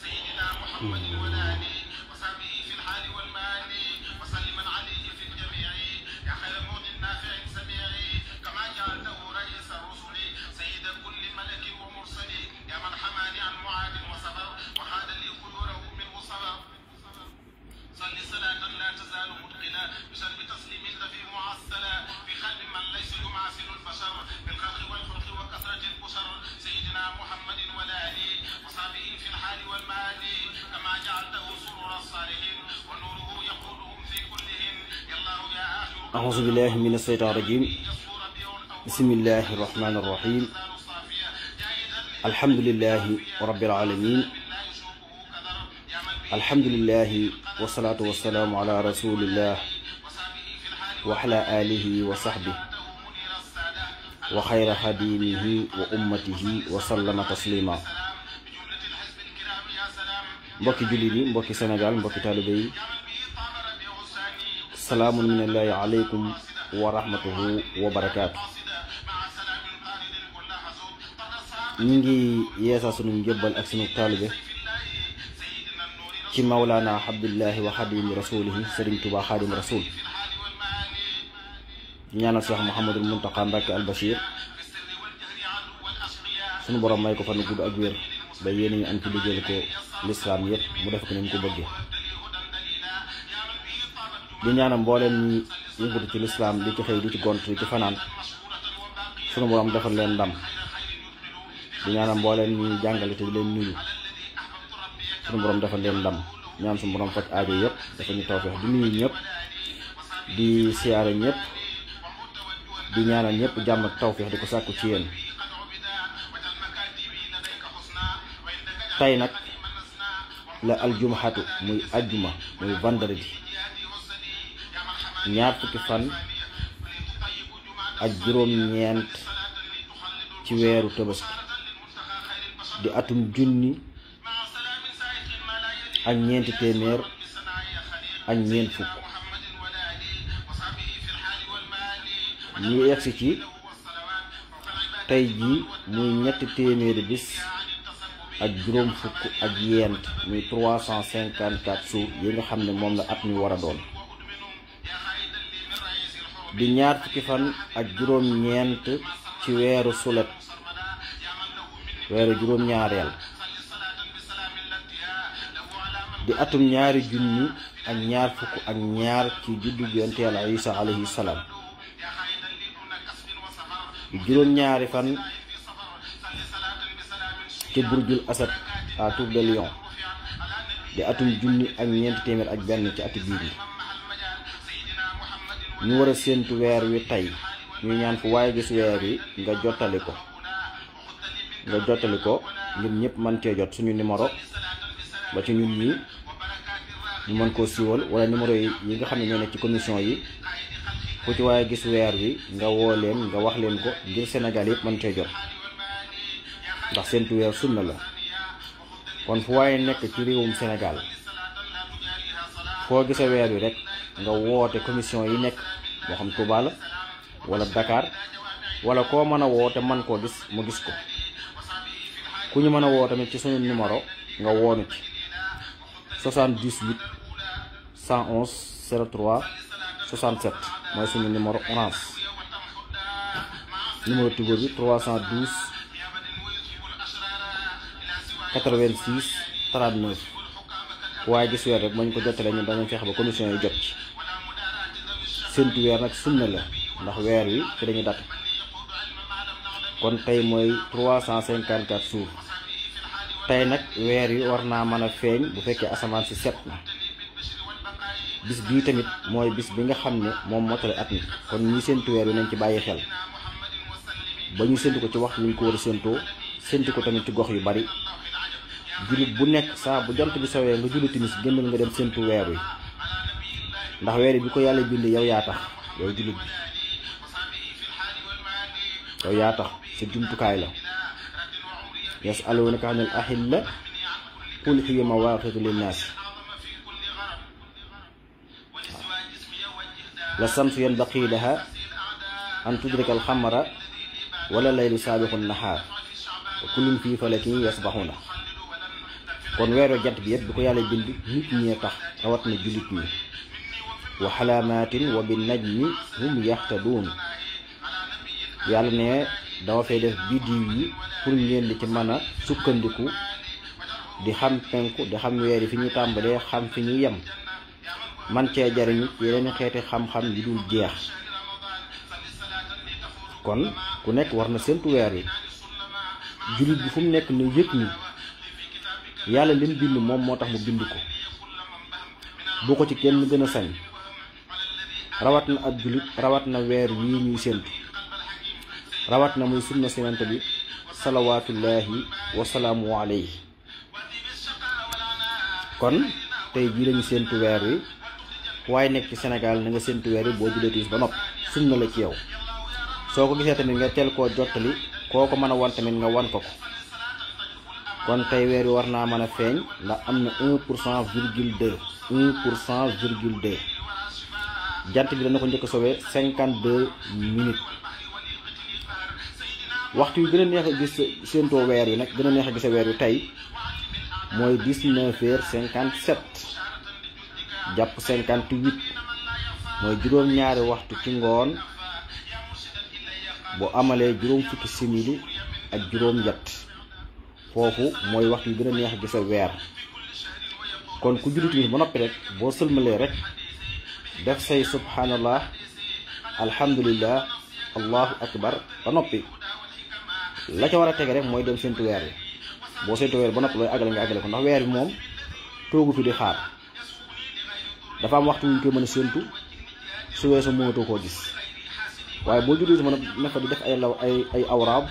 سيدنا محمد ولا علي أعوذ بالله من الشيطان الرجيم بسم الله الرحمن الرحيم الحمد لله رب العالمين الحمد لله والصلاة والسلام على رسول الله وعلى آله وصحبه وخير خديمه وأمته وسلم تسليما بكي جليني بكي سنجال بكي mbokki salaamun minallaahi aleykum wa rahmatuhu wa barakaatu ñu ngi yeesa sunu njëbbal ak sunu taalibe ci mawlaana abdullahi wa xadim rasulihi sëriñ tuba xadim rasul ñaanal cheikh mouhamadul muntaqa mbàkke al bachir sunu borom may ko fan gudd ak wér ba yéen ñu am ci liggéeyal ko lislaam yépp mu def ko ni mu ko bëggee di ñaanam mbooleem ñi yëngatu ci l'islam di ci xey di ci gont di ci fanan suñu borom defal leen ndam di ñaanam mbooleem ñi jangale te leen nuyu suñu borom defal leen ndam ñaan suñu borom faj aaje yëpp dafa ñu tawfeex di nuyu ñëpp di siara ñëpp di ñaanal ñëpp jàmm ak tawfeex di ko sàkku ci yéen tay nak la aljumhatu muy aljuma muy vendredi ñaar fukki fan ak juroom ñeent ci weeru tabaski di atum junni ak ñeenti téeméer ak ñeent fukk ñu yegsi ci tey jii muy ñetti téeméeri bis ak juróom fukk ak yent muy 354 cent yi nga xam ne moom la at ñu war a doon di ñaar fukki fan ak juróom-ñeent ci weeru sulet weeru juróom-ñaareel di atum ñaari junni ak ñaar fukk ak ñaar ci juddu yonent Yàlla Isa alayhi salaam di juróom-ñaari fan ci Burjul Asad à Tour de Lion di atum junni ak ñeent téeméer ak benn ci ati biir yi ñu war a séentu weer wi tey ñuy ñaan fu waaye gis weer wi nga jottali ko nga jottali ko ngir ñëpp mën cee jot suñu numéro ba ci ñun ñii ñu mën koo siiwal wala numéro yi yi nga xam ne ñoo nekk ci commission yi ku ci waaye gis weer wi nga woo leen nga wax leen ko ngir Sénégal yëpp mën cee jot ndax séentu weer sunna la kon fu waaye nekk ci réewum senegal foo gisa weer wi rek nga woote commission yi nekk moo xam Touba la wala Dakar wala koo mën a woote man koo gis mu gis ko ku ñu mën a woote tamit ci suñu numéro nga woonu ci 78 111 03 67 mooy suñu numéro orange numéro Tigo bi 312 86 39 waaye gis weer rek mañ ko jottalee ñun dañuy fexe ba commission yi jot sentu wer nak sunna la ndax wer wi ci dañu dat kon tay moy 354 jours tay nak wer wi warna mana feñ bu fekke asaman ci set na bis bi tamit moy bis bi nga xamne mom mo motale at mi kon ñi sentu wer wi nañ ci baye xel ba ñu ko ci waxtu ñu ko wara sentu ko tamit ci gox yu bari julit bu sah, sa bu jont bi sawé nga julit timis génnal nga dem sentu wer ndax wéré biko yàlla bind yow ya tax yow jullit bi yow ya tax ci sa kay la yasalunaka anil ahilla qul hiya mawaqit lin nas la samsu yanbaqi laha an tudrika al khamra wala laylu saabiqu nahaar kullun fi falaki yasbahuna kon wéro jatt bi yëpp biko yàlla bind nit ñee tax rawat na jullit ñi wa xalaamaatin wa bin mu hum yaxtaduun yàlla ne dama fay def biddi yi pour ngeen di ci mën a sukkandiku di xam penku di xam weer yi fi ñu tàmbalee xam fi ñu yem man cee jariñu yeneen xeeti xam-xam yi dul jeex kon ku nekk war na séntu weer yi jullit bi fu mu nekk ne yëg ni yàlla lim bind moom moo tax mu bind ko bu ko ci kenn gën a sañ rawat na ab jullit rawat na weer wii ñuy séentu rawat na muy sunna sinante bi salawaatullaahi wasalaamu alayhi kon tey jii lañu séentu weer wi waaye nekk ci senegal na nga séentu weer wi boo jullee tiis ba nopp sunna la ci yow soo ko gisee tamit nga teel koo jottali koo ko mën a wan tamit nga wan ko ko kon tey weer wi war naa mën a feeñ ndax am na un pour cent virgule deux un pour cent virgule deux jant bi dana ko njëkk a sowee cinquante deux minutes waxtu yu gën neex a gis séentoo weer yi nag gën neex a gisa weer yu tey mooy dix neuf cinquante sept jàpp cinquante huit mooy juróom-ñaari waxtu ci ngoon bu amalee juróom fukki simili ak juróom ñett foofu mooy waxtu yu gën neex a gisa weer kon ku jullit bi ba noppi rek boo sëlmalee rek def say subhanallah alhamdulillah allahu akbar ba nopi la ci wara a tege rek moy dem sentu weer bo sentu séntu ba nopi looy agal nga agal ko ndax weer bi moom toogu fi di xaar dafa am waxtu ñu ko mëna sentu séntu su weesu mënatoo ko gis waye bo juddee mëna a fa di def ay law ay ay awrab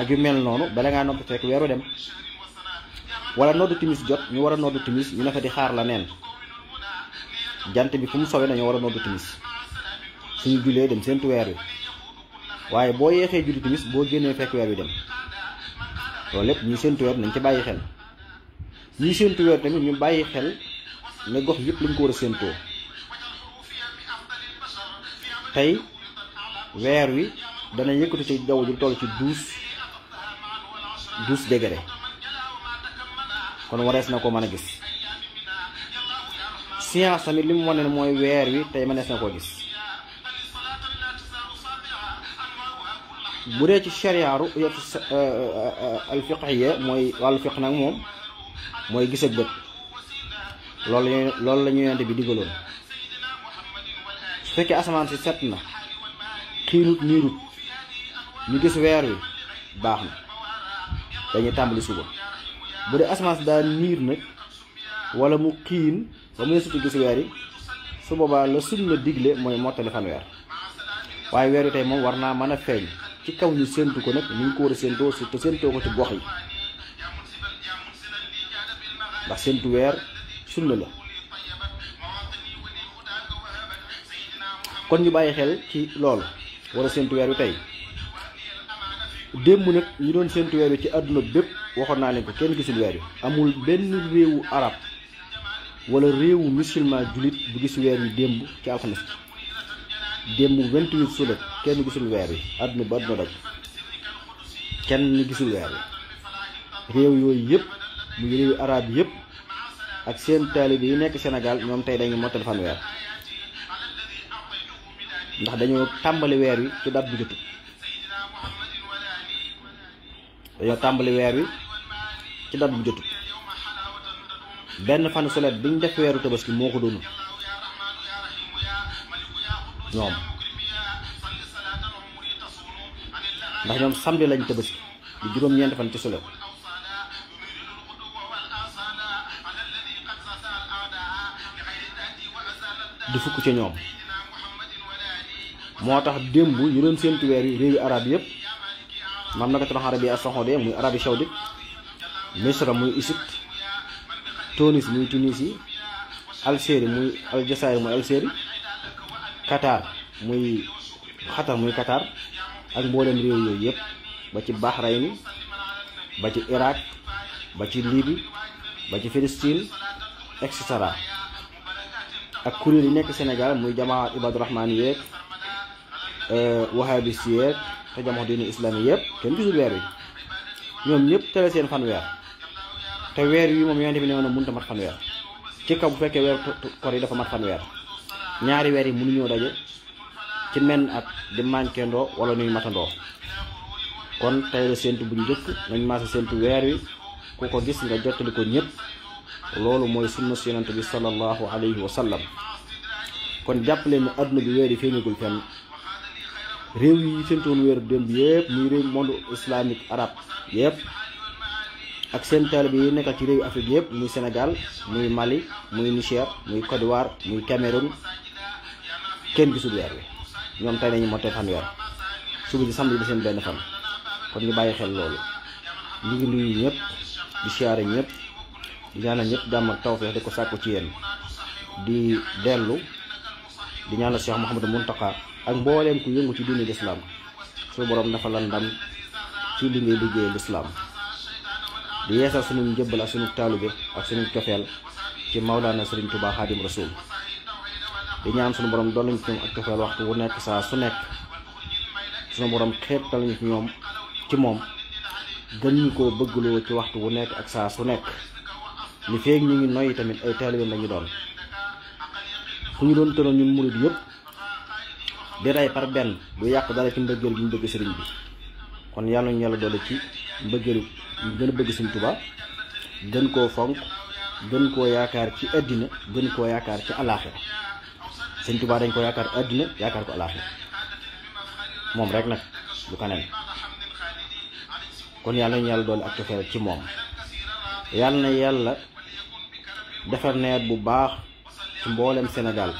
ak yu mel noonu bala nga nopi tek weeru dem wala noddu timis jot ñu wara a noddu timis ñu ne fa di xaar la neen jant bi fu mu sowe dañoo war a noddu timis suñu julee dem seentu weer wi waaye boo yeexee julli timis boo génnee fekk weer wi dem loolu lépp ñuy seentu weer nañ ci bàyyi xel ñuy seentu weer tamit ñu bàyyi xel ne gox yëpp lañ ko war a séentoo tey weer wi dana yëkkatu ci jaww di toll ci duus douze degré kon warees na ko mën a gis science tamit li mu wane ne mooy weer wi tey mënees na koo gis bu ci sharia ru'yatu eh, eh, eh, al fiqhiya mooy wàllu fiq nag moom mooy gis ak bët loolu la loolu la ñu yonente bi digaloon su fekkee asamaan si set na xiinut niirut ñu gis weer wi baax na dañuy suba bu dee asamaan si daa wala mu xiin ba mu yeesu ci gis weer yi su boobaa la sunna digle mooy mottali fanweer waaye weer yi tey moom war naa mën a feeñ ci kaw ñu séentu ko nag ni ñu ko war a séentoo te séentoo ko ci gox yi séentu weer sunna la kon ñu bàyyi xel ci loolu war a séentu weer wi tey démb nag ñu doon séentu weer wi ci àdduna bépp waxoon naa leen ko kenn gisul weer wi amul benn réewu arab wala réewu musulman julit bu gis weer wi démb ci alxames démb 28 sulet kenn gisul weer wi àdduna ba àdduna daj kenn gisul weer wi réew yooyu yëpp muy réewu arab yépp ak seen taalibe yi nekk senegal ñoom tey dañuy mottal fan weer ndax dañoo tàmbali weer wi ci date bu jot dañoo tàmbali weer yi ci date bu jotut ben fan solet biñ def wéru tabaski moko doon ñom ndax ñom samedi lañ tabaski di juroom ñent fan ci solet di fukk ci ñom motax dembu ñu leen sentu wér yi réew arab yépp mam naka tan arabiy yi muy arabi saudi misra muy Égypte Tunis muy Tunisie Algérie muy Aljazair muy Algérie Qatar muy Qatar muy Qatar ak mboolem rew yoy yëpp ba ci Bahrain ba ci iraq ba ci Libye ba ci Palestine et cetera ak kurel yi nek senegal muy jamaa ibad Rahman yek euh wahabisiyek ta jamaa dini islamiyek ken gisul weer wi ñoom ñëpp tere seen te weer yi mom yonent bi nee na mënut a mat fanweer ci kaw bu fekkee weer ko ri dafa mat fanweer ñaari weer yi munu ñoo daje ci men ak di ndo wala ñuy matandoo kon tay la séentu bu njëkk nañ maasa sentu weer yi ku ko gis nga jotali ko ñëpp loolu moy sunna sunnatu bi sallallahu alayhi wa sallam kon jàppale mu aduna bi weer yi feeñagul fenn réew yi sentu won weeru dem yëpp muy réew monde islamique arab yëpp ak seen taalibe bi nekk ci réewu Afrique yëpp muy Sénégal muy Mali muy Niger muy Côte d'Ivoire muy Cameroun kenn gisul weer wi ñoom tey nañu motee fan weer suba ji samedi bi seen benn fan kon ñu bàyyi xel loolu ñu ngi nuyu ñëpp di siyaare ñëpp di ñaanal ñëpp jàmm ak tawfeex di ko sàkku ci yéen di dellu di ñaanal Cheikh Mouhamadou muntaka ak mbooleem ku yëngu ci diine lislaam su borom dafa lan ndam ci li ngay liggéey lislaam di yeesal sunu njëbbal ak sunu taalibe ak sunu cofeel ci Mawlaana Sëriñ Tuubaa Xaadim Rasuul di ñaan sunu borom dolluñ ci ak cofeel waxtu wu nekk saa su nekk sunu borom xeetal ñu ci ñoom ci moom gën ñu koo bëggloo ci waxtu wu nekk ak saa su nekk li feeg ñu ngi noyyi tamit ay taalibeem lañu doon ku ñu doon tënoon ñu murid yëpp di rey par benn du yàq dara ci mbëggeel bi ñu sëriñ bi kon yàlla ñu yàlla doole ci mbëggeelu ñu gën a bëgg Sëñ Tuubaa gën koo fonk gën koo yaakaar ci àddina gën koo yaakaar ci alaaxira Sëñ Tuubaa dañ ko yaakaar àddina yaakaar ko alaaxira moom rek nag du kaneen kon yàlla nañu yàlla doole ak cofeel ci moom yàlla na yàlla defar nawet bu baax ci mboolem Sénégal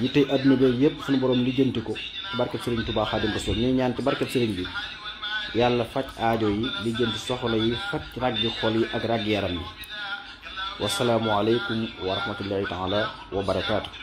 yi tey àdduna bi yëpp suñu borom lijjanti ko ci barkeb Sëriñ Tuubaa Xaadimu Rasuul ñuy ñaan ci barkeb Sëriñ bi yàlla faj aajo yi lijjanti soxla yi faj ràggi xol yi ak ràggi yaram yi wasalaamualeykum wa rahmatullahi taala wa barakaatu